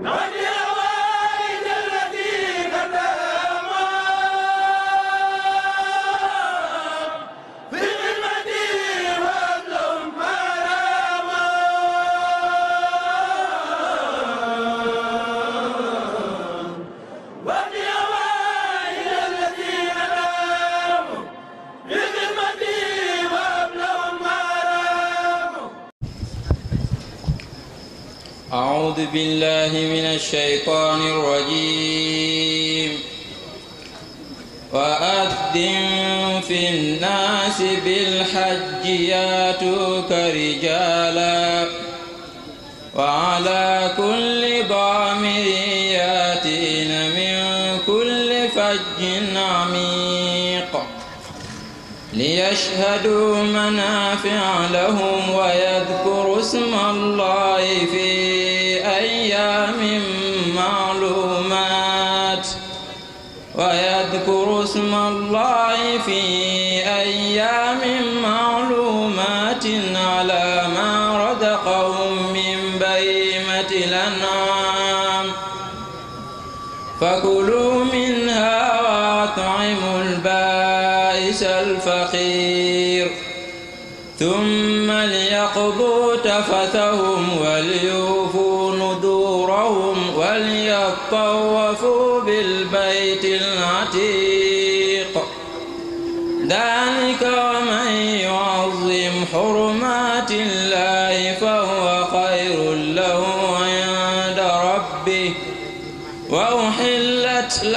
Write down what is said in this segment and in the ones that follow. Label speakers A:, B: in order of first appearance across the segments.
A: Nine. الشيطان الرجيم وأذن في الناس بالحج ياتوك رجالا وعلى كل ضامر ياتين من كل فج عميق ليشهدوا منافع لهم ويذكروا اسم الله في الصالحات ويذكر اسم الله في أيام معلومات على ما رزقهم من بهيمة الأنعام فكلوا منها وأطعموا البائس الفقير ثم ليقضوا تفثهم وليوفوا نذورهم وليطوفوا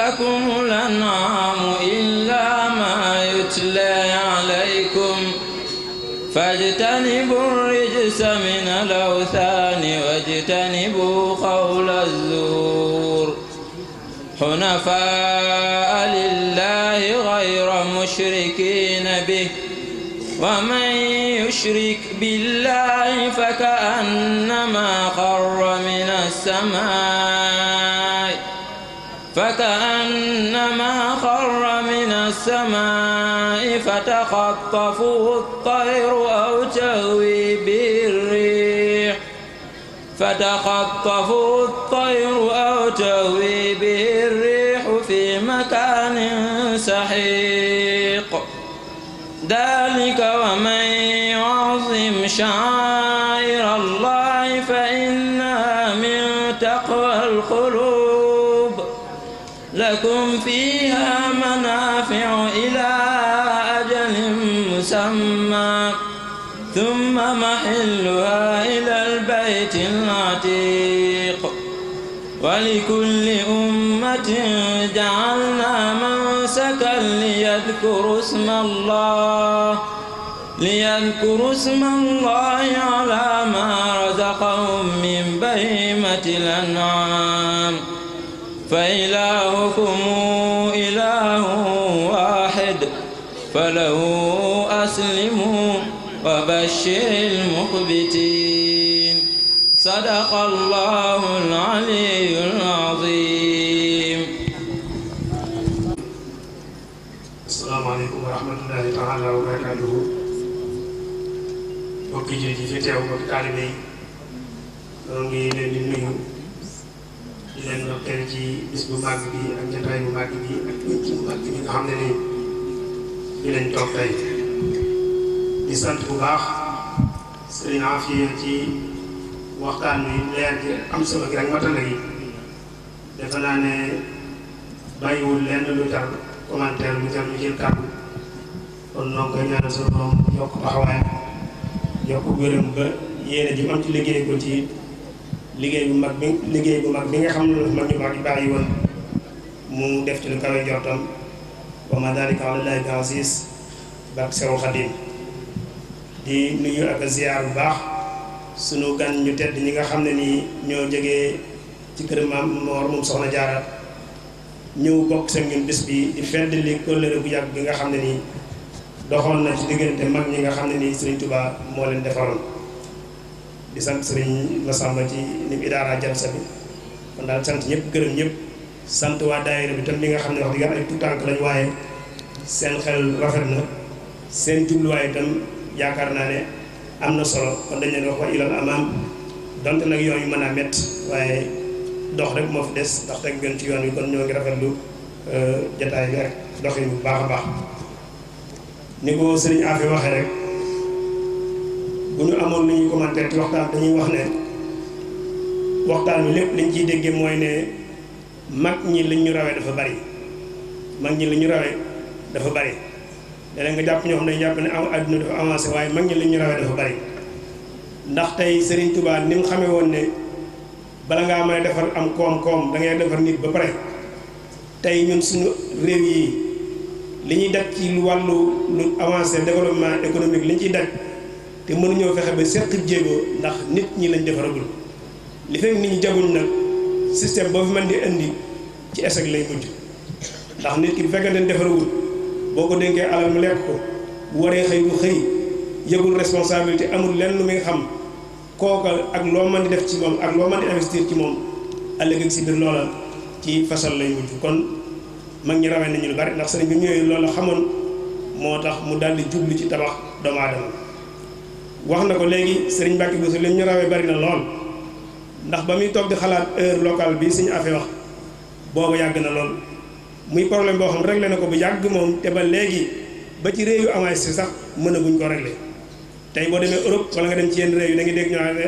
A: لكم الأنعام إلا ما يتلى عليكم فاجتنبوا الرجس من الأوثان واجتنبوا قول الزور حنفاء لله غير مشركين به ومن يشرك بالله فكأنما خر من السماء فكأنما خر من السماء فتخطفه الطير أو تهوي به الريح فتخطفه الطير أو تهوي به الريح في مكان سحيق ذلك ومن يعظم شعائر المسمى ثم محلها إلى البيت العتيق ولكل أمة جعلنا منسكا ليذكروا اسم الله ليذكروا اسم الله على ما رزقهم من بهيمة الأنعام فإلهكم إله واحد فله وبشر المخبتين صدق الله العلي العظيم السلام عليكم ورحمة الله تعالى وبركاته
B: mbokki jullit yi fi teew mbokki taalibe yi ñoo ngi leen di nuyu di leen ndokkeel ci bis bu màgg bi ak jataay bu màgg bi ak nit bu màgg bi nga xam ne nii ñu leen toog tey di sant bu baax sëriñ Afia ci waxtaan wi leer gi am solo gi ak matala yi defe naa ne bàyyiwul lenn lu jar commentaire lu jar lu jël kàddu kon noo ngi koy ñaanal sunu borom yokk taxawaayam yokk gërëm ba yéene ji am ci liggéey ci liggéey bu mag bi liggéey bu mag bi nga xam ne mag ñu mag yi bàyyi mu def ci lu kawe jortam wa ma daalika alallaahi bi aziiz barke Seexul Xadiim di nuyu ak ziar bu baax sunu gan ñu tedd ñi nga xam ne nii ñoo jógee ci kër maam Mor moom soxna Jaara ñëw bokk seen ngeen bis bi di fedd li kóllëre bu yàgg bi nga xam ne nii doxoon na ci diggante mag ñi nga xam ne nii Serigne Touba moo leen defaroon di sant Serigne Massamba ci ni mu idaara jalsa bi kon daal sant ñëpp gërëm ñëpp sant waa daayira bi tam li nga xam ne wax dëgg yàlla ay tout tànk lañ waaye seen xel rafet na seen jubluwaay itam yaakaar naa ne am na solo kon dañ leen wax wa ilal amaam donte nag yoon yu mën a mett waaye dox rek moo fi des ndax teg gën ci yoon wi kon ñoo ngi rafetlu euh, jataay bi rek dox yi bu baax a baax ni ko sëriñ Afi waxee rek bu ñu amoon lu ñuy commenté ci waxtaan dañuy wax ne waxtaan wi lépp liñ ciy déggee mooy ne mag ñi liñ ñu rawee dafa bari mag ñi li ñu rawee dafa bari léeg nga jàpp ñoo xam ne jàpp ne am adduna dafa avancé waaye mag ñi li ñu rawee dafa bari ndax tey Serigne Touba ni mu xamee woon ne bala ngaa mën a defar am koom-koom da ngay defar nit ba pare tey ñun suñu réew yi li ñuy daj ci wàllu lu avancé développement économique li ñu ciy daj te mënuñoo fexe ba seq jéego ndax nit ñi lañ defaragul li fekk nit ñi jabuñ nag système boo fi mën di indi ci échec lay mujj ndax nit ki bu fekkee dañ defaragul. boo ko dénkee alal mu lekk ko bu waree xëy du xëy yëgul responsabilité amul lenn lu muy xam kooka ak loo man di def ci moom ak loo mën di investir ci moom ëllëg ak si biir loola ci façon lay mujj kon mag ñi rawee nañu lu ndax sëriñ bi ñëwee loola xamoon moo tax mu daal di jublu ci tabax doomu wax na ko léegi sëriñ Mbacke Bousso li ñu rawee bari na lool ndax ba muy toog di xalaat heure local bi suñu affaire wax boobu yàgg na lool. muy problème boo xam réglé na ko bu yàgg moom te ba léegi ba ci réew yu avancé si sax mënaguñ ko réglé tey boo demee Europe wala nga dem ci yenn réew yi da dégg ñu ne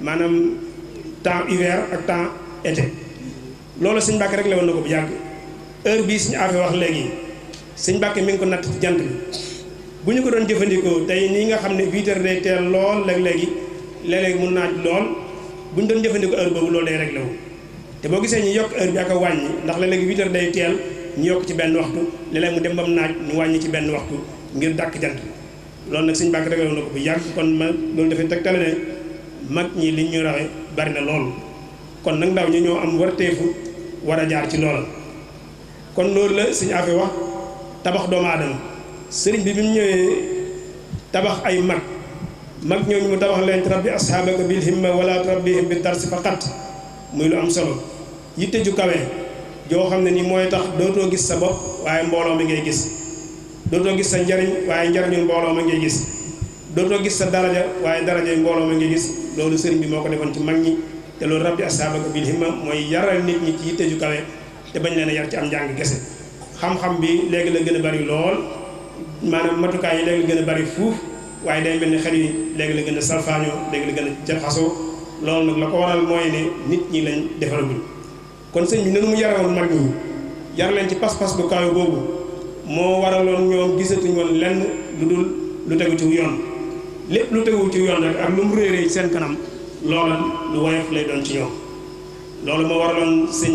B: maanaam temps hiver ak temps été loolu suñ Mbàkke réglé woon na ko bu yàgg heure bii suñu affaire wax léegi suñ Mbàkke mi ngi ko natt jant bi bu ñu ko doon jëfandikoo tey nii nga xam ne huit heures day teel lool léeg-léegi léeg mun naaj lool bu ñu doon jëfandikoo heure boobu loolu day réglé wu te boo gisee ñu yokk heure bi ak a ndax léeg-léegi huit heures day ñu yokk ci benn waxtu léeg-léeg mu dem bam naaj ñu wàññi ci benn waxtu ngir dàkk jant loolu nag suñu bàkk régloon na ko bu yàgg kon ma loolu dafay teg tale ne mag ñi li ñu raxe bari na loolu kon nag ndaw ñi ñoo am warteefu war a jaar ci loola kon loolu la suñu affaire wax tabax doomu aadama sëriñ bi bi mu ñëwee tabax ay mag mag ñooñu mu tabax leen rabbi asxaabaka bil himma wala rabbihim bi darsi faqat muy lu am solo yitte ju kawe joo xam ne ni mooy tax dootoo gis sa bopp waaye mbooloo mi ngay gis dootoo gis sa njariñ waaye njariñu mbooloo mi ngay gis dootoo gis sa daraja waaye daraja mbooloo mi ngay gis loolu sëriñ bi moo ko defoon ci mag ñi te loolu rabbi asaabaka bil himma mooy yaral nit ñi ci yitte te bañ leen yar ci am njàng gese xam bi léegi la gën a bari lool maanaam matukaay yi la gën a bari fuuf waaye day mel ni xel léegi la gën a salfaañoo léegi la gën a jaxasoo loolu nag la ko waral mooy ne nit ñi lañ defaragul kon sëñ bi nanu mu yarewoon mag ñi yar leen ci pas-pas bu kaayu boobu moo waraloon ñoom gisatuñ woon lenn lu dul lu tegu ci yoon lépp lu tegu ci yoon rek ak lu mu réeree ci seen kanam loola lu woyof lay doon ci ñoom loolu moo waraloon sëñ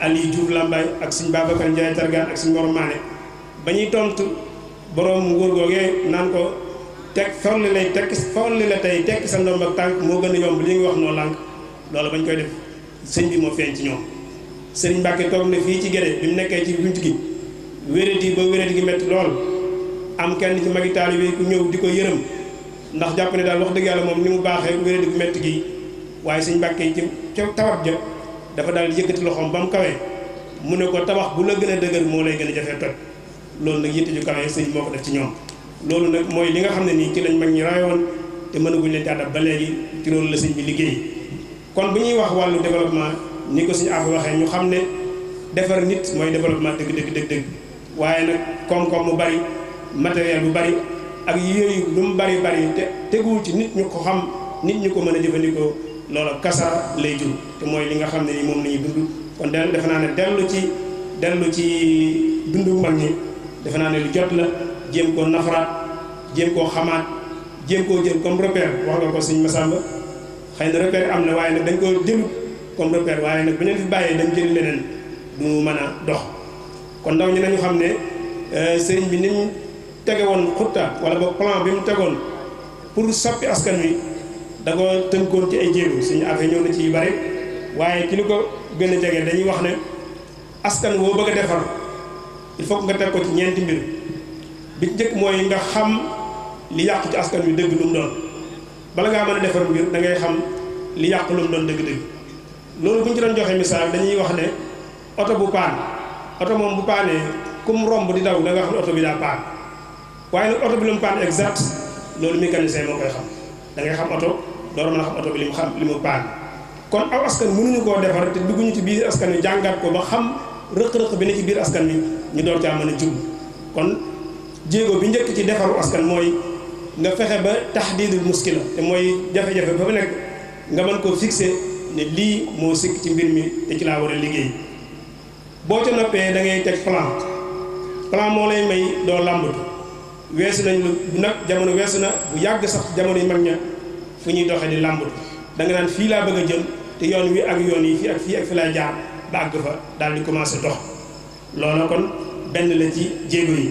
B: Aliou Diouf Lambaye ak sëñ Babacar Ndiaye Targaan ak sëñ Mor Maane ba ñuy tontu boroom nguur googee naan ko teg fawli lay tekki fawli la tey tekki sa ndomb ak tànk moo gën a yomb li nga wax noo lànk loolu bañ koy def sëñ bi moo feeñ ci ñoom sëñ Mbàkke toog na fii ci gere bi mu nekkee ci bunt gi wérati ba gi métti lool am kenn ci magi taalibe ku ñëw di ko yërëm ndax jàpp ne daal wax dëgg yàlla moom ni mu baaxee wérati gu métti gi waaye sëñ Mbàkke ci ca tawat ja dafa daal yëkkati loxoom ba mu ne ko tabax bu la gën a moo lay gën a jafee loolu nag yitte ju kawee sëñ moo ko def ci ñoom loolu nag mooy li nga xam ne nii ci lañ mag ñi raayoon te mënaguñ leen ci àddab ba léegi ci loolu la sëñ bi liggéey kon bu ñuy wax wàllu développement ni ko suñu af waxee ñu xam ne defar nit mooy développement dëgg dëgg dëgg dëgg waaye nag koom-koom mu bari matériel bu bari ak yooyu lu mu bari bari te teguwul ci nit ñu ko xam nit ñu ko mën a jëfandikoo loola kasara lay jur te mooy li nga xam ne ni moom la ñuy dund kon del defe naa ne dellu ci dellu ci dundu mag ñi defe naa ne lu jot la jéem koo nafaraat jéem koo xamaat jéem koo jël comme repère wax nga ko suñ Masamba xëy na repère am na waaye nag dañ koo jël comme repère waaye nag bu ñu fi bàyyee dañ jël leneen mu mën a dox kon ndaw ñi nañu xam ne euh, sëriñ bi ni mu tege woon xutta wala ba plan bi mu tegoon pour soppi askan wi da ko tënkoon ci ay jéego suñu affaire ñëw na ci yu bari waaye ci lu ko gën a jege dañuy wax ne askan woo bëgg a defar il faut nga teg ko ci ñeenti mbir bi njëkk mooy nga xam li yàq ci askan wi dëgg lu doon bala ngaa mën a defar mbir da ngay xam li yàqu lu mu doon dëgg-dëgg loolu bu ñu ci doon joxe misaal dañuy wax ne oto bu paan oto moom bu paanee kum romb di daw da nga xam ne oto bi daa paan waaye nag oto bi lu mu paan exact loolu mécanicien da ngay xam oto door mën oto bi li mu xam li mu paan kon aw askan mënuñu koo defar te dugguñu ci biir askan yi jàngat ko ba xam rëq-rëq bi ne ci biir askan wi ñu door caa mën a jub kon jéego bi njëkk ci defaru askan mooy. nga fexe ba taxdiidul muskila te mooy jafe-jafe ba fa nekk nga mën koo fixé ne lii moo sikk ci mbir mi te ci laa war a liggéey boo ca noppee da ngay teg plan plan moo lay may doo làmbatu weesu nañ bu nag jamono weesu na bu yàgg sax jamono yi mag ña fu ñuy doxee di làmbatu da nga naan fii laa bëgg a jëm te yoon wi ak yoon yi fii ak fii ak fi laa jaar ba àgg fa daal di commencé dox loolu kon benn la ci jéego yi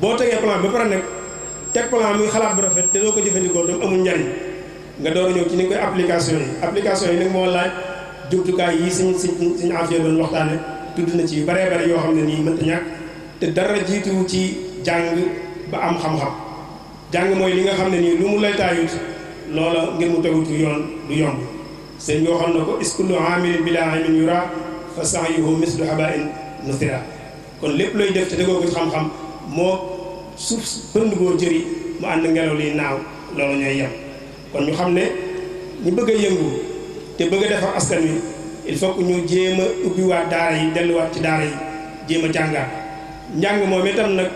B: boo tegee plan ba pare nag teg plan muy xalaat bu rafet te doo ko jëfandikoo doomu amul njariñ nga door ñëw ci ni koy application yi application yi nag moo laaj jumtukaay yi suñ suñ suñ affaire doon waxtaane tudd na ci yu baree yoo xam ne nii mënta ñàkk te dara jiituwu ci jàng ba am xam-xam jàng mooy li nga xam ne nii lu mu lay taayut loola ngir mu tegut yoon du yomb seen yoo xam na ko iskullu amilin bila amin yura fa sa'yuhu mislu habain nusira kon lépp looy def ci xam-xam suuf pënd boo jëri mu ànd ngelaw li naaw loolu ñooy yem kon ñu xam ne ñu bëgg a yëngu te bëgg a defar askan wi il faut que ñu jéem a ubbiwaat daara yi delluwaat ci daara yi jéem a jàngaat njàng moom itam nag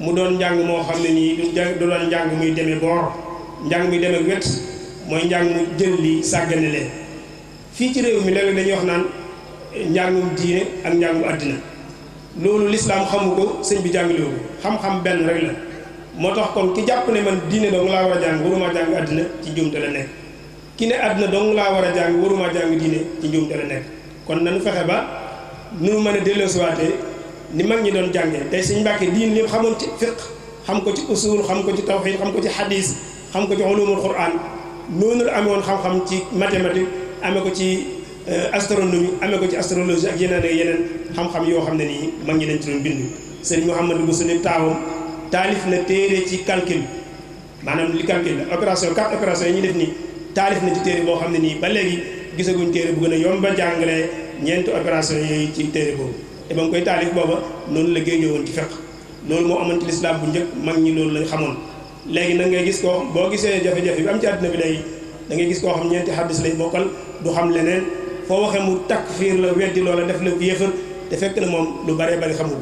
B: mu doon njàng moo xam ne nii du doon njàng muy demee boor njàng muy demee wet mooy njàng mu jël li sàggane leen fii ci réew mi léeg-léeg dañuy wax naan njàngum diine ak njàngum àddina loolu lislaam xamu ko sëñ bi jàngale ko xam-xam benn rek la moo tax kon ki jàpp ne man diine dong laa war a jàng waruma jàng àddina ci njuumte la ki ne àddina dong laa war a jàng warumaa jàng diine ci njuumte la nekk kon nanu fexe ba nu mën a delloosiwaatee ni mag ñi doon jàngee tey sëñ Mbàkke diine lépp xamoon ci fiq xam ko ci usul xam ko ci tawxiid xam ko ci xadiis xam ko ci ulumul quraan noonu la xam-xam ci mathématique ame ko ci Euh, astronomie amee ko ci astrologie ak yeneen yeneen xam-xam yoo xam ne nii mag ñi dañ ci doon bind sëriñ Mouhamadou Bousso ni taawam taalif na téere ci calcul maanaam li calcul la opération quatre opération yi ñuy def nii taalif na ci téere boo xam ne nii ba léegi gisaguñ téere bu gën a yomb a jàngale ñeenti opération yooyu ci téere boobu te ba nga koy taalif booba noonu la géejoo woon ci fekk loolu moo amoon ci lislaam bu njëkk mag ñi loolu lañ xamoon léegi nag ngay gis koo boo gisee jafe-jafe bi am ci àddina bi day da ngay gis koo xam ñeenti xaddis lay bokkal du xam leneen foo waxee mu takfiir la weddi loola def la yéefar te fekk na moom lu baree bari xamul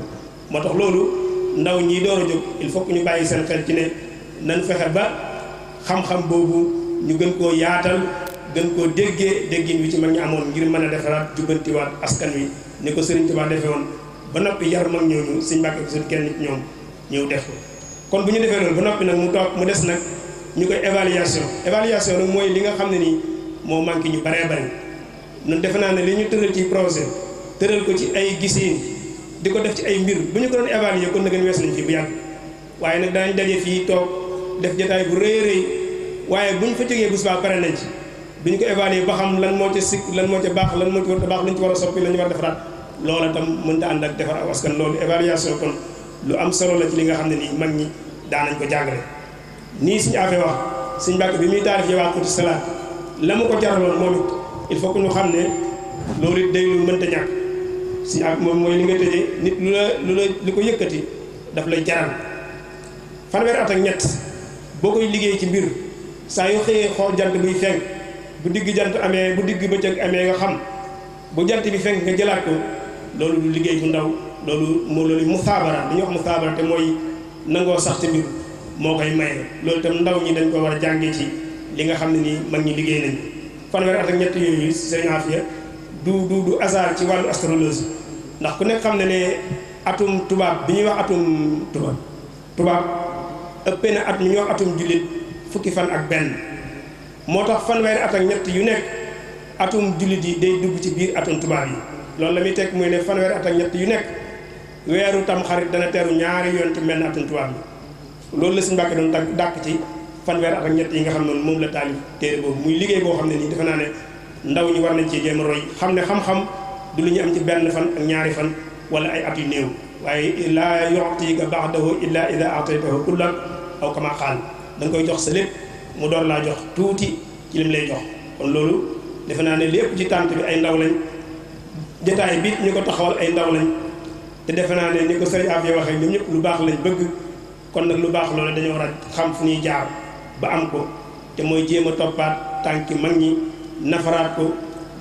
B: moo tax loolu ndaw ñi door a jóg il faut ñu bàyyi seen xel ci ne nañ fexe ba xam-xam boobu ñu gën koo yaatal gën koo déggee déggin wi ci mag ñi amoon ngir mën a defaraat jubbantiwaat askan wi ni ko Serigne Touba defee woon ba noppi yar mag ñooñu Serigne Mbacke Bousso kenn nit ñoom ñëw def ko kon bu ñu defee loolu ba noppi nag mu toog mu des nag ñu koy évaluation évaluation nag mooy li nga xam ne nii moo manqué ñu baree bari ñun defe naa ne li ñu tëral ci projet tëral ko ci ay gisiin di ko def ci ay mbir bu ñu ko doon évaluer kon na gën wees nañ fi bu yàgg waaye nag daañu daje fii toog def jotaay bu rëy rëy waaye bu ñu fa jógee bu subaa pare nañ ci duñu ko évaluer ba xam lan moo ca sikk lan moo ca baax lan moo ci baax lañ ci war a lañ war a defaraat loola tam mënta ànd ak defar aw askan loolu évaluation kon lu am solo la ci li nga xam ne nii mag ñi daanañ ko jàngale nii suñu affaire wax suñ mbàkk bi muy taarif yi waa Qutu Salaat la mu ko jaraloon moom il faut que ñu xam ne loolu it day lu mënta ñàkk si ak moom mooy li nga tëjee nit lu la lu la li ko yëkkati daf lay jaral fanweeri at ak ñett boo koy liggéey ci mbir saa yoo xëyee xool jant buy fenk bu digg jant amee bu digg bëccëg amee nga xam bu jant bi fenk nga jëlaat ko loolu du liggéey bu ndaw loolu moo loolu musaabara dañuy wax musaabara te mooy nangoo sax ci mbir moo koy maye loolu itam ndaw ñi dañ ko war a jàngee ci li nga xam ne nii mag ñi liggéey nañ fanweeri at ak ñett yooyu sëriñ Afia du du du hasard ci wàllu astrologie ndax ku nekk xam ne ne atum tubaab bi ñuy wax atum tubaab tubaab ëppee na at mu ñuy wax atum jullit fukki fan ak benn moo tax fanweeri at ak ñett yu nekk atum jullit yi day dugg ci biir atum tubaab yi loolu la muy teg muy ne fanweeri at ak ñett yu nekk weeru tam xarit dana teeru ñaari yoon ci mel ne atum tubaab yi loolu la suñu Mbàkke doon dàkk ci fanweer ak ñett yi nga xam noonu moom la taalif téere boobu muy liggéey boo xam ne nii defe naa ne ndaw ñi war nañ ci jéem a roy xam ne xam-xam du lu ñu am ci benn fan ak ñaari fan wala ay at yu néew waaye laa yu'tika ba'dahu illa ida ataytahu kullan aw kama qaal da nga koy jox sa lépp mu door laa jox tuuti ci lim lay jox kon loolu defe naa ne lépp ci tànt bi ay ndaw lañ jotaay bi ñu ko taxawal ay ndaw lañ te defe naa ne ni ko sëriñ Afia waxee ñoom ñëpp lu baax lañ bëgg kon nag lu baax loolu dañoo war a xam fu ñuy jaar ba am ko te mooy jéem a toppaat tànki mag ñi nafaraat ko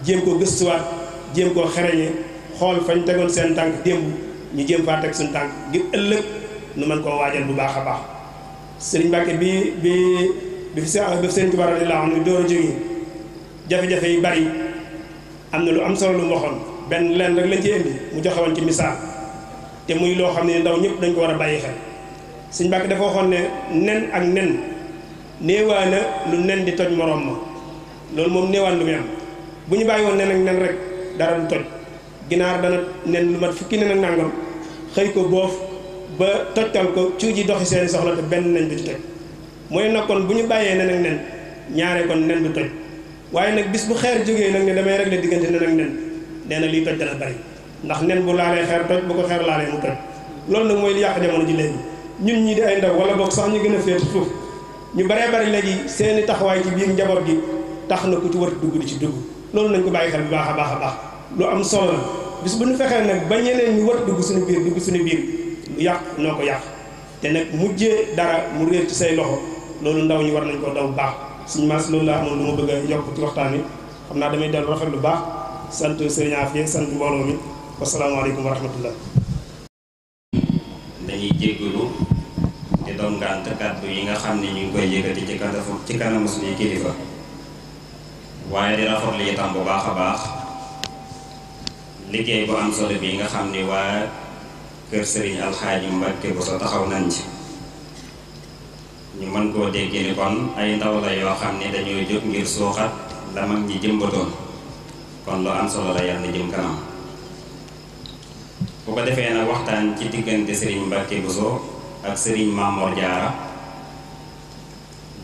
B: jéem koo gëstuwaat jéem koo xereñe xool fañ tegoon seen tànk démb ñu jéem faa teg suñu tànk ngir ëllëg nu man koo waajal bu baax a baax seen Mbàkke bi bi bi fi sëriñ Tuubaa radiyallaahu anhu door a jógee jafe-jafe yi bari am na lu am solo lu mu benn leen rek la ci bi mu joxe ci misaal te muy loo xam ne ndaw ñëpp dañ ko war a bàyyi xel sëriñ Mbàkke dafa waxoon ne nen ak nen néewaana lu nen di toj morom ma loolu moom néewaan lu muy bu ñu bàyyi woon nen ak nen rek dara du toj ginaar dana nen lu mat fukki nen ak nangam xëy ko boof ba tojtal ko ci ji doxi seen soxla te benn nen du ci toj mooy nag kon bu ñu bàyyee nen ak nen ñaare kon nen du toj waaye nag bis bu xeer jógee nag ni damay régler diggante nen ak nen nee na liy toj dana bari ndax nen bu laalee xeer toj bu ko xeer laalee mu toj loolu nag mooy li yàq jamono ñun ñii di ay ndaw wala boog sax ñu gën a féete foofu ñu bare bare legi seeni taxaway ci biir njabot gi tax na ku ci wër dugg ci dugg loolu nañ ko bàyyi xel bu baax a baax a baax lu am solo la bis bu ñu fexee nag ba ñeneen ñu wër dugg suñu biir dugg suñu biir lu yàq noo ko yàq te nag mujjee dara mu réer ci say loxo loolu ndaw ñu war nañ ko daw baax suñu maas loolu laa amoon lu ma bëgg a yokk ci waxtaan yi xam naa damay dellu rafet lu baax sant Serigne Afia sant mbooloo mi wasalaamaaleykum wa rahmatullah
C: dañuy jéggalu donkaant kàddu yi nga xam ne ñu ngi koy yëkkati ci kanamu ci kanamu suñuy kilifa waaye di rafetlu itam bu baax a baax liggéey bu am solo bi nga xam ni waa kër Serigne Alxaaji Mbàkke bu sa taxaw nañ ci ñu mën koo déggee ni kon ay ndaw la yoo xam ne dañoo jóg ngir suuxat la mag ñi jëmbatoon kon lu am solo jëm kanam ko defee nag waxtaan ci diggante Serigne Mbàkke bu soo ak sëriñ Mamor Diarra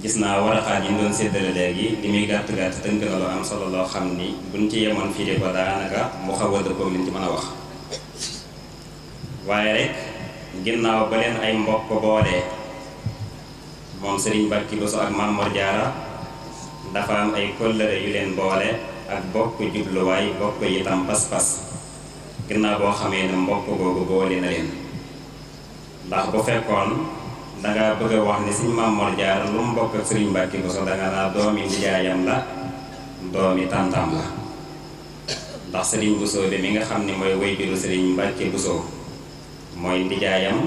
C: gis naa waraxaat yi ñu doon séddale léegi li muy gàtt gàtt tënk na lu am solo loo xam ni buñ ci yemoon fii de ko daanaka mu xaw a dëppoo ci mën a wax waaye rek ginnaaw ba leen ay mbokk boole moom sëriñ Bakki Bousso ak Mamor Diarra dafa am ay kóllëre yu leen boole ak bokk jubluwaay bokk yitam pas-pas ginnaaw boo xamee ne mbokk googu boole na leen ndax bu fekkoon dangaa bëgg wax ni suñ Maam Mor Jaara lu mu bokk ak Sëriñ Mbàkke Buso danga naa doomi nijaayam la doomi tàntam la ndax Sëriñ Buso de mi nga xam ne mooy wayjuru Sëriñ Mbàkke Buso mooy nijaayam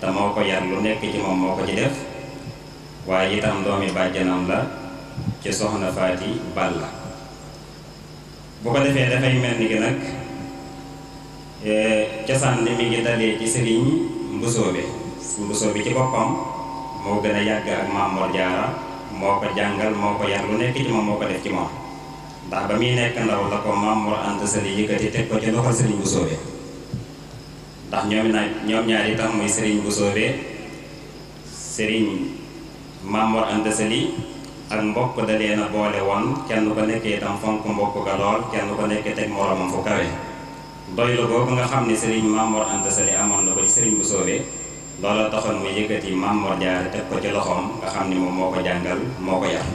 C: te ko yar lu nekk ci moom moo ko ci def waaye itam doomi bàjjanam la ci soxna Faati Bal la bu ko defee dafay mel ni gi nag eh, cosaan li mi ngi dalee ci sëriñ mbusoobe mbusoobe ci bopam mo gëna a ak maam Mor Jaara moko jangal moko yar lu nekk ci mom moko def ci mom ndax ba mi nekk ndaw la ko maam Mor Anta Sali yëkëti tek ko ci loxol Serigne Mbusoobe ndax ñoom na ñoom ñaar itam muy Serigne Mbusoobe Serigne maam Mor ante Sali ak mbokk da leena boole won kenn ko nekkee itam fonk mbokk ga lol kenn ko moromam fu kawé doylo nga xamni Serigne mamour soobee looloo taxoon mu yëkkati Maam Mor Jaara teg ko ci loxoom nga xam ni moom moo ko jàngal moo ko yar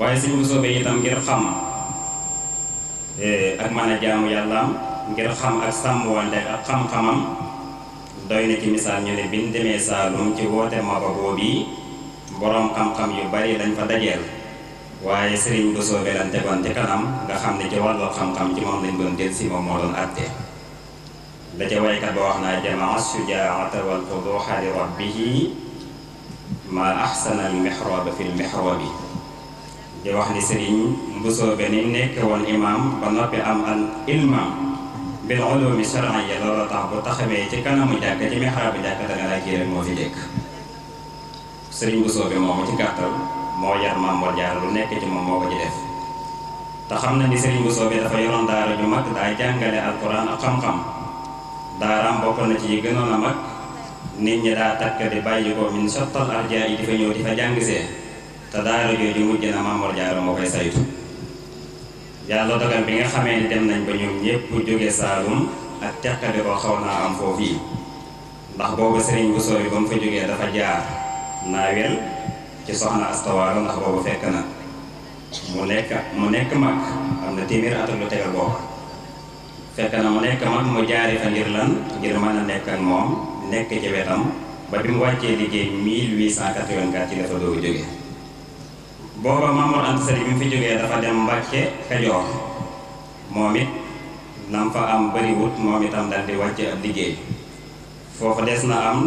C: waaye sëñ bu soobee itam ngir xam eh, ak mën a jaamu yàllaam ngir xam ak sàmmwante ak xam-xamam doy na ci misaal ñu ne biñ demee Saalum ci woote Maba boobu boroom xam-xam yu bari dañ fa dajeel waaye sëriñ bu soobee lan tegoon ci kanam nga xam ne ci wàllu xam-xam ci moom lañ doon jël si moom moo doon àtte la ca waykat ba wax naa jamaa sujaata wal fuduuxa li rabbihi ma axsana al mixrooba fi l mixroobi di wax ni sëriñ mbusoobe ni nekk woon imaam ba noppi am al ilmaam bil ulumi shar'iyya loolu tax bu taxawee ci kanamu jàkk ci mixraabu jàkk danga laa kii moo fi dëkk sëriñ mbusoobe moomu ci gàttal moo yar Maam Mor Jaara lu nekk ci moom moo ko def te xam na ni sëriñ mbusoobe dafa yoroon daara ju mag daa jàngale alquran ak xam-xam daaraam bokkoon na ci yi gënoon a mag nit ñi daa takk di bàyyi ko min sottal arja yi di fa ñëw di fa jàngisee te daara jooju mujj na Maamoor Jaara moo koy saytu yàlla dogal bi nga xamee ni dem nañ ba ñoom ñépp jóge Saalum ak teqale ko xaw naa am foofu yi ndax boobu sëriñ bu sooy ba mu fa jógee dafa jaar naawel ci soxna astawaalo ndax boobu fekk na mu nekk mu nekk mag am na téeméer at tegal booba fekk na mu nekk mag mu jaari fa ngir lan ngir mën a nekk ak moom nekk ci wetam ba bi mu wàccee liggéey 1884 ci dafa doogu jóge booba Mamour Anta Sali bi mu fi jógee ya, dafa dem nam fa am bariwut moom itam dal di wàcce ab liggéey foofu des na am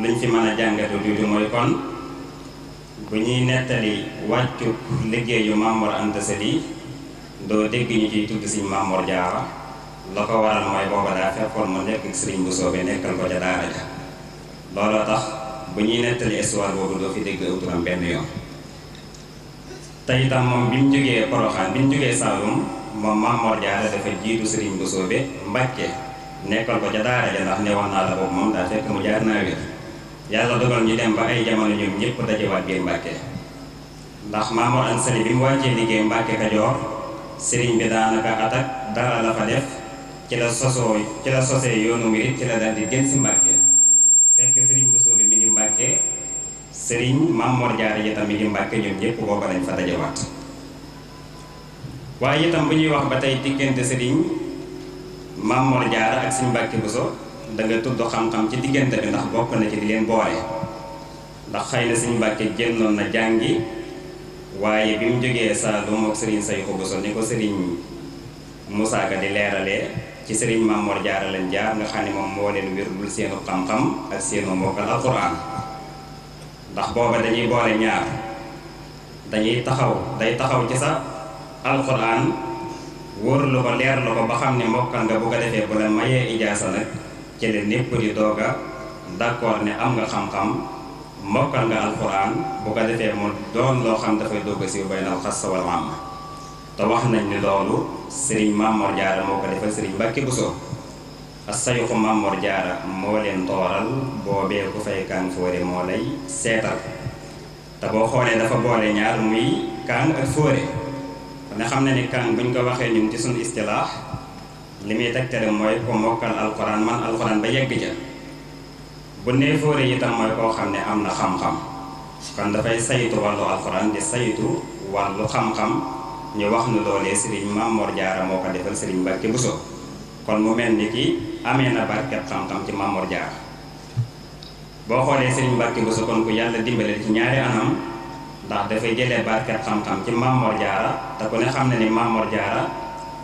C: luñ ci mën a jàngatu tuuti mooy kon bu ñuy nettali wàccu liggéeyu Mamour Anta Sali doo dégg ñu ciy tudd si Mamour la ko waral mooy booba daa fekkoon ma nekk sëriñ bu soobee nekkal ko ca daara ja looloo tax bu ñuy nettali histoire boobu doo fi dégg awturam benn yoon te itam moom bi mu jógee Poroxaan bi mu jógee Saalum moom Mamor Jaara dafa jiitu sëriñ bu soobee Mbàkke nekkal ko ca daara ja ndax ne woon naa la boobu moom daa fekk mu jaar naa wér yàlla dogal ñu dem ba ay jamono ñoom ñëpp dajewaat biir Mbàkke ndax Mamor Ansali bi mu wàccee liggéey Mbàkke Kajoor ci la sosoo ci la sosee yoonu murit ci la daal di gën si Mbàkke fekk Serigne Bousso bi mi ngi Mbàkke Serigne Mame Mor Diarra itam mi ngi Mbàkke ñoom ñëpp booba lañ fa dajewaat waaye itam bu ñuy wax ba tey diggante Serigne Mame Mor Diarra ak Serigne Mbàkke Bousso da nga tudd xam-xam ci diggante bi ndax bokk na ci di leen boole ndax xëy na Serigne Mbàkke génnoon na jàngi waaye bi mu jógee Saalum ak Serigne Sayxu Bousso ni ko Serigne Moussa di leeralee ci serigne mamour Jaara lañ jaar nga xani mom mo len wirul seenu xam-xam ak seenu mokkal alquran ndax boba dañuy boole ñaar dañuy taxaw day taxaw ci sa alquran wor lu ko leer lu ko ba xam ne nga bu ko defé bu la maye ijaasa nak ci la nepp di doga d'accord ne am nga xam-xam mokal nga alquran bu ko defé mo doon lo xam fay doga ci bayna wal amma ta wax nañ ni lolu sëriñ Mamor Diarra moo ko defal sëriñ Mbacke Bousso ak sayuxu Mamor Diarra moo leen tooral boobee ku fay kanfoore moo lay seetal te boo xoolee dafa boole ñaar muy kaan ak fóore ne xam na ni kaan buñ ko waxee ñun ci suñu istilaax li muy tegtale mooy ko mokkal alxuraan man alxuraan ba yegg ja bu nee itam mooy koo xam ne am na xam-xam kon dafay saytu wàllu alxuraan di saytu wàllu xam-xam ñu wax nu loolee sëriñ Mamor Jaara moko defal sëriñ Mbàkke Buso kon mu mel ni ki amé na barké xam-xam ci Mamor jaar bo xolé sëriñ Mbàkke Buso kon ko yalla dimbalé ci ñaari anam ndax fay jëlee barké xam-xam ci Mamor Jaara ta ko né xam ne ni Mamor Jaara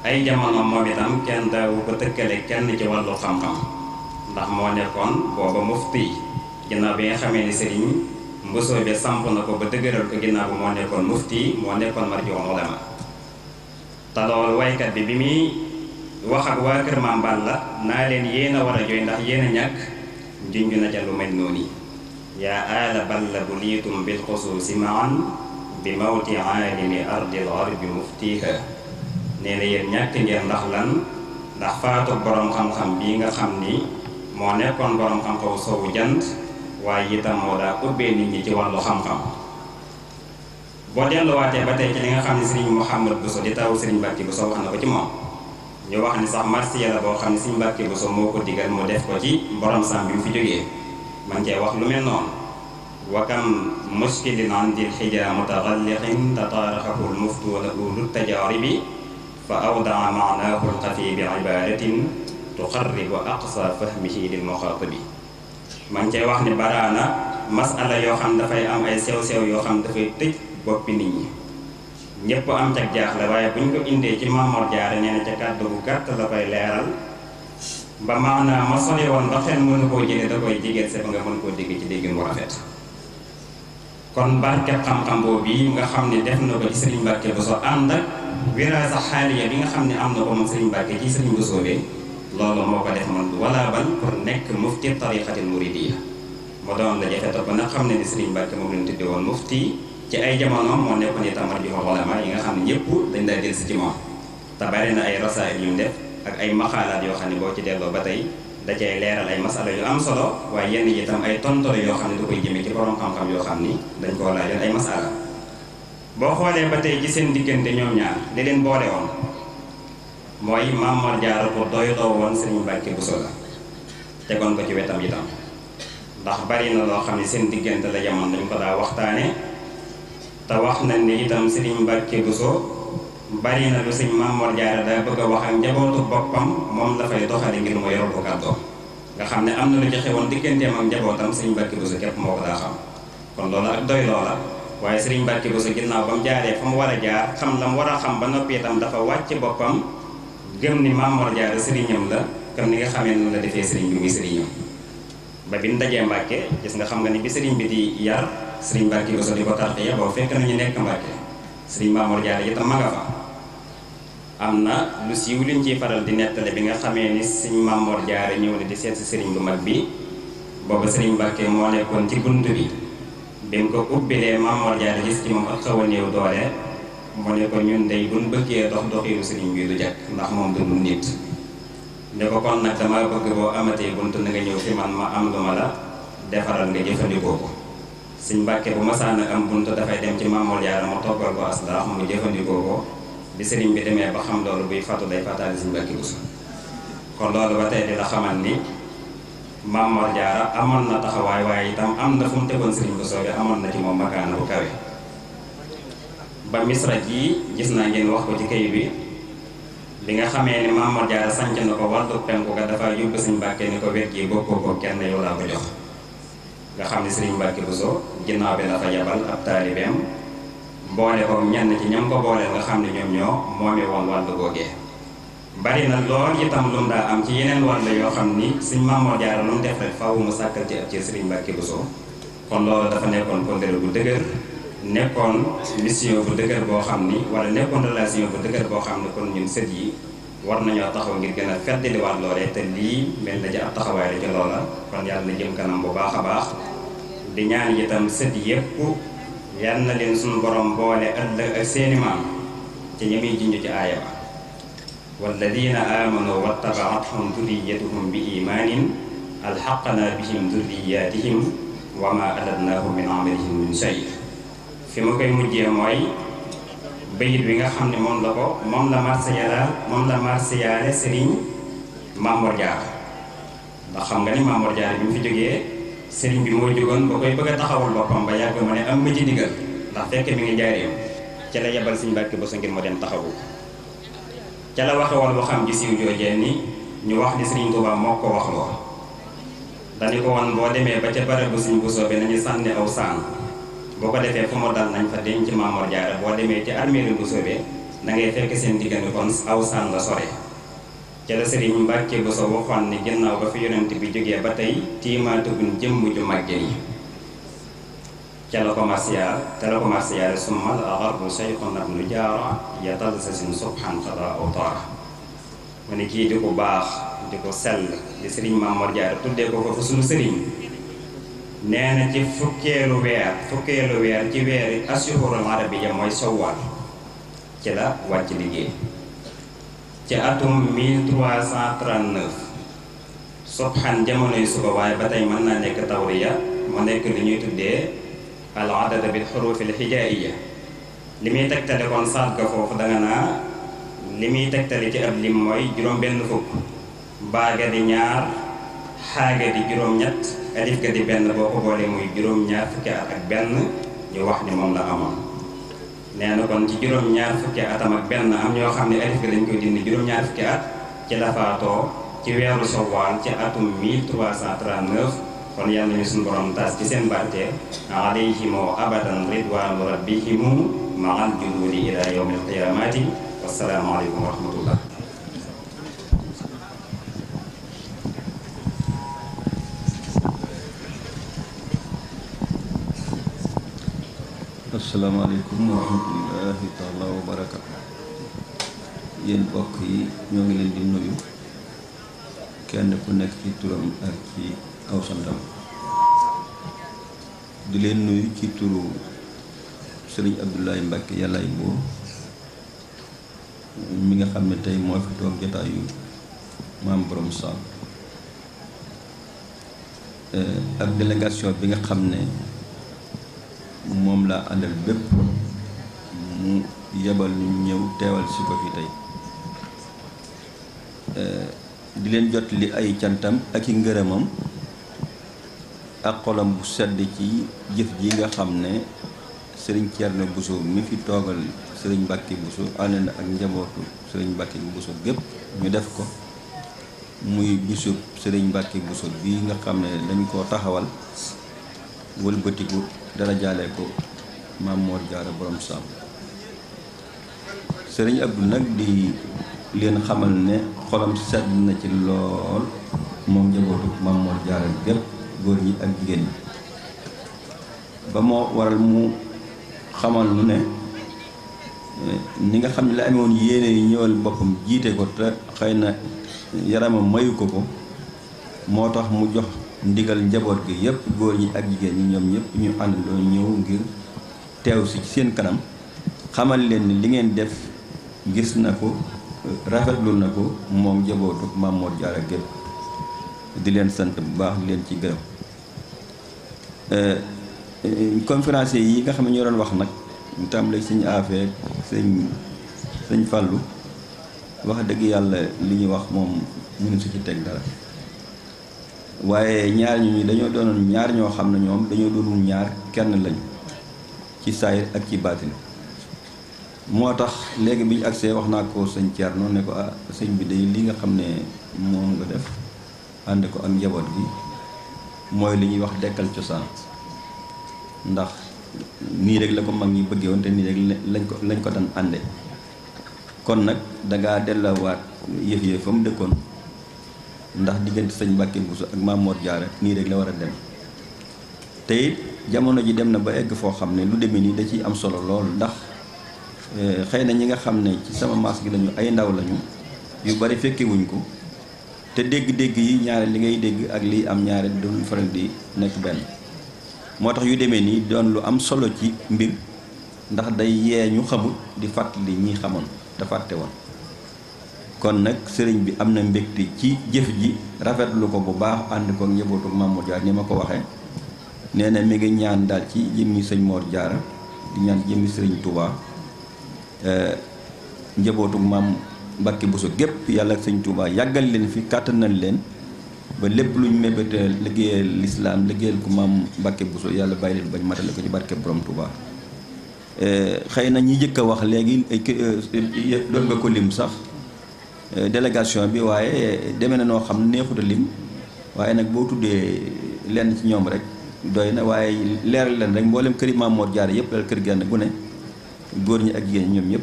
C: ay jamono moom itam da wu ko tekkalé kèn ci walu xam-xam ndax né kon booba mufti ginnaaw bi nga xamé ni sëriñ Mbusoo be samp na ko ba dëgëral ko ginnaaw mo nekkon mufti mo nekkon marjo ulama talol way kat bi bimi wax ak wa keur maam Balla la na len yena wara joy ndax yena ñak jinjju na ca lu mel yaa aala balla buliitum bil xusuusi maan bi mawti aalimi al arbi muftiha nee na yéen ñàkk ngeen ndax lan ndax faatu borom xam-xam bi nga xam ni mo nekkon borom xam ko sowu jant waye itam mo da ubbe nit ñi ci walu xam-xam boo delluwaatee ba tey ci li nga xam ne sëriñ Mouhamed Bousso di taw sëriñ Mbacke Bousso wax na ko ci moom ñu wax ni sax marsiya la boo xam ne sëriñ Mbacke Bousso moo ko digal mu def ko ci borom sam bi mu wax lu mel noonu wa kam muskilin andil xija mutaxalliqin tataaraxahu lmuftu bi ibaratin tuqarribu aqsa fahmihi lil muxaatabi man wax ni baraana masala yoo xam dafay am ay sew-sew yoo xam dafay tëj boppi nit ñi ñëpp am cag jaaxle waaye buñ ko indee ci Mamor Jaara nee ca kàddu bu gàtt la koy leeral ba maanaam ma sori woon ba xel mënu koo jëlee da koy jigéen se ba nga mën koo dégg ci déggin bu rafet kon barkeb xam-xam boobu yi nga xam ni def na ko ci Serigne Mbacke Bousso ànd ak wiraasa xaaliya bi nga xam ne am na ko moom Serigne Mbacke ci Serigne Bousso bi loolu moo ko def man wala bal pour nekk mufti tariqatil muridiyya mu doon la jafe topp ci ay jamono moo nekkoon itam rajo xolama yi nga xam ne ñëpp dañ daa dellusi ci moom te bari na ay rasaayil yu def ak ay maxaalaat yoo xam ne boo ci delloo ba tey da cay leeral ay masala yu am solo waaye yenn yi itam ay tontoro yoo xam ne da koy jëmee ci borom xam-xam yoo xam ni dañ koo laajoon ay masala boo xoolee ba tey ci seen diggante ñoom ñaar li leen boole woon mooy Maam Mor Jaara ko doyloo woon Sëriñ Mbàkke Buso la tegoon ko ci wetam itam ndax bari na loo xam ne seen diggante la jamono dañ ko daa waxtaane te nañ ne itam Serigne Mbacke Bousso bari na lu serigne mamour Jaara da bëgg wax ak njabootu mom la fay doxale ngir mu yor ko nga xamne amna am lu joxe won dikenté ak njabootam Serigne Mbacke Bousso kep moko da xam kon loolu ak doy loola waye Serigne Mbacke Bousso ginnaw bam jaaré fam wara jaar xam lam wara xam ba noppi itam dafa wacc bopam gëm ni mamour Jaara ñam la kam ni nga xamé non la défé serigne bi muy ba bi Mbacke gis nga xam nga ni bi serigne bi di yar sëriñ Mbacke Bousso di ko tarxiya boobu fekk nañu nyenek Mbacke sëriñ Mamour Diarra itam ma nga fa amna na lu siiw liñ ciy faral di nettale bi nga xamee ni sëriñ Mamour Diarra ñëw na di seet si sëriñ bu mag bi booba sëriñ Mbacke moo nekkoon ci bunt bi bi mu ko ubbilee Mamour Diarra gis ci moom ak xaw a néew doole mu ne ko ñun day buñ bëggee dox doxiiru sëriñ bi du jàkk ndax moom du nit ne ko kon nag dama bëgg boo amatee bunt na nga ñëw fi man ma am lu ma la defaral nga jëfandikoo ko Simbake mbàkke bu nak am buntu fay dem ci maamool yàlla mo togal ko aslaax mu jëfandikoo gogo bi sëriñ bi demee ba xam lolu buy fàttu day fatali suñ mbàkke bu kon lolu ba di la xamal ni Mamor Jaara amon na taxaway way itam am na fum tegon tegoon ko bu amon na ci mom makana bu kawé ba misra ji gis na ngeen wax ko ci kay bi bi nga xamé ni Mamor Jaara sanc na ko ga dafa ni ko wéggé bokko ko kenn yow la ko jox nga xam ne Serigne Mbacke Bousso ginnaaw bi la fa yabal ab taalibeem mboole ko ñenn ci ñam ko booleel nga xam ne ñoom ñoo moome woon wàllu googee bari na lool itam lu mu daa am ci yeneen wàll yoo xam ni suñ Maamoor Jaara lu mu def rek faaw mu sàkkal ci ab ci Serigne Mbacke Bousso kon loolu dafa nekkoon kóllëre bu dëgër nekkoon mission bu dëgër boo xam ni wala nekkoon relation bu dëgër boo xam ne kon ñun sët yi war nañoo taxaw ngir gën a feddaliwaat loolee te lii mel na ci ab taxawaay la ci loola kon yàlla na bu baax a baax di ñaan itam sët yépp yal na leen sunu borom boole ëllëg ak seeni maam ci ñi muy junj ci aaya ba walladina amanu wattabaatuhum duriyatuhum bi imaanin alxaqna bihim duriyatihim wa ma alatnahum min amalihim min shay fi ma koy mujjee mooy bayit bi nga xam ne moom la ko moom la marsiyaala moom la marsiyaale sëriñ Maamoor Jaara ndax xam nga ni Maamoor Jaara bi mu fi jógee serigne bi mo jógoon ba koy bëgg taxawul bopam ba yagg ma ne am ma ci digal ndax fekk mi ngi yow ci la serigne barke bo so ngir mo dem taxawu ci la waxe woon waxam ji siw joojee ni ñu wax ni serigne touba moko wax lo dañu ko woon boo demee ba ca bare bu serigne bu soobee nañu sànni aw saan boko ko fu mo dal nañ fa denc Maamor Jaara bo demee ci armée bu soobee da ngay fekk seen diggante kon aw saan la sore ca la sëriñ bo Bousso waxoon ni ginnaw ba fi yonenti bi jógee ba tey tiimaatuguñ jëm ju magge yi jala ko marsiya te la ko marsiyaal summa agarbu sayxun abnu jaara yatal sa sin subhan xada utar mu ki di ko bax di ko sel di serigne mamour Jaara tuddee ko ko fa sunu sëriñ nee ci fukkelu weer fukkelu weer ci weeri asuhurul arabiyya moy sowwaal ci la wacc liggéey ci atum 1339 subhan jamonoy suba waaye ba tey mën naa nekk tawriya mu nekk li ñuy tuddee al adada bil xuruuf al xijaiya li muy tegtale kon saat ga foofu danga naa li muy tegtale ci ab lim mooy juróom benn fukk baaga di ñaar xaaga di juróom-ñett alif ga di benn boo ko boole muy juróom-ñaar fukki at ak benn ñu wax ni moom na amoon nee nah, kon ci juroom ñaar fukki atam ak benn nah, am ñoo xamni eh, ne alif gi dañ koy dindi juroom ñaar fukki at ci lafaato ci wéru sowaal ci atum 1339 kon yalla ñu sun borom taas ci seen barke mo abadan ridwan rabbihim maal juluudi ila yawmil qiyamati wassalamu alaykum wa rahmatullah
D: Assalamualaikum warahmatullahi taala wabarakatuh. Yen yéen bokk yi ñoo ngi leen di nuyu kenn ku nekk ci turam ak ci aw santam di leen nuyu ci turu Serigne Abdoulaye Mbacke yàllaay bo. mi nga xamne tay mo fi fi jotta yu maam borom Euh ak délégation bi nga xamne moom laa àndal bépp mu yebal ñu ñëw teewal si ko fi tey eh, di leen jot li ay cantam ak i ngërëmam ak xolam bu sedd ci jëf ji nga xam ne sëriñ Thierno Bousso mi fi toogal sëriñ Mbacke Bousso ànd na ak njabootu sëriñ Mbacke Bousso gépp ñu def ko muy bisub sëriñ Mbacke Bousso bii nga xam ne dañ koo taxawal wëlbatiku dara jaale ko maam Mor Jaara borom Saam sëriñ Abdou nag di leen xamal ne xolam sedd na ci lool moom njabootu maam Mor gépp góor yi ak jigéen ñi ba moo waral mu xamal nu ne ni nga xam ne la amoon yéene ñëwal boppam jiite ko te xëy na yaramam mayu ko ko moo tax mu jox ndigal njaboot gi yëpp góor ñi ak jigéen ñi ñoom ñëpp ñu àndandoo ñëw ngir teew si ci seen kanam xamal leen ni li ngeen def gis na ko rafetlu na ko moom njabootu Maam Mor Jaara gépp di leen sant bu baax leen ci gërëm eh, conférencier yi nga xam ne ñoo doon wax nag ñu tàmbalee sëñ affaire sëñ sëñ fàllu wax dëgg yàlla li ñuy wax moom mënu su ci teg dara waaye ñaar ñu ñi dañoo doon ñaar ñoo xam ne ñoom dañoo doonul ñaar kenn lañu ci saayir ak ci baatin moo tax léegi bi ñu agsee wax naa ko sëñ Thierno ne ko ah sëñ bi day li nga xam ne moom nga def ànd ko ak njaboot gi mooy li ñuy wax dekkal cosaan ndax nii rek la ko mag ñi bëggee woon te nii rek lañ ko lañ ko daan ànde kon nag dangaa dellawaat yëf yëf fa mu dëkkoon ndax diggante sëñ Mbàkke Buso ak Maam Mor Jaara nii rek la war a dem te jamono ji dem na ba egg foo xam ne lu demee nii da ciy am solo lool ndax eh, xëy na ñi nga xam ne ci sama maas gi lañu ay ndaw lañu yu bari fekkewuñ ko te dégg-dégg yi ñaare li ngay dégg ak liy am ñaare doon faral di nekk benn moo tax yu demee nii doon lu am solo ci mbir ndax day yee ñu xamul di fàttali ñi xamoon te fàtte woon kon nag sëriñ bi am na mbégte ci jëf ji rafetlu ko bu baax ànd ko njabootu Mamour Diarra ni ma ko waxee nee na mi ngi ñaan daal ci jëmmi sëñ moor Diarra di ñaan ci jëmmi sëriñ Touba eh, njabootu maam Mbacke Bousso gépp yàlla ak sëñ Touba yàggal leen fi kàttanal leen ba lépp lu ñu mébétal liggéeyal lislaam liggéeyal ko maam Mbacke Bousso yàlla bàyyi leen bañ matale ko ci barke borom Touba. Eh, xëy na ñi njëkk a wax léegi eh, doon nga ko lim sax. Euh, délégation bi waaye demee na noo xam neexut a lim waaye nag boo tuddee lenn ci ñoom rek doy na waaye leeral leen rek mboolem këri Maam Mor Jaara yëpp daal kër genn gu ne góor ñi ak jigéen ñoom ñëpp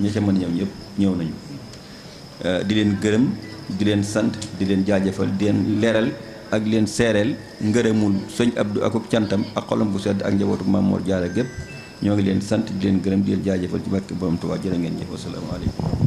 D: ñi ca mën ñoom ñëpp ñëw nañu euh, di leen gërëm di leen sant di leen jaajëfal di leen leeral ak leen seereel ngërëmul sëñ du akub cantam ak xolam bu sedd ak njabootu Maam Mor Jaara gépp ñoo ngi leen sant di leen gërëm di leen jaajëfal ci barke borom Tuubaa jërë ngeen jëf asalaamaaleykum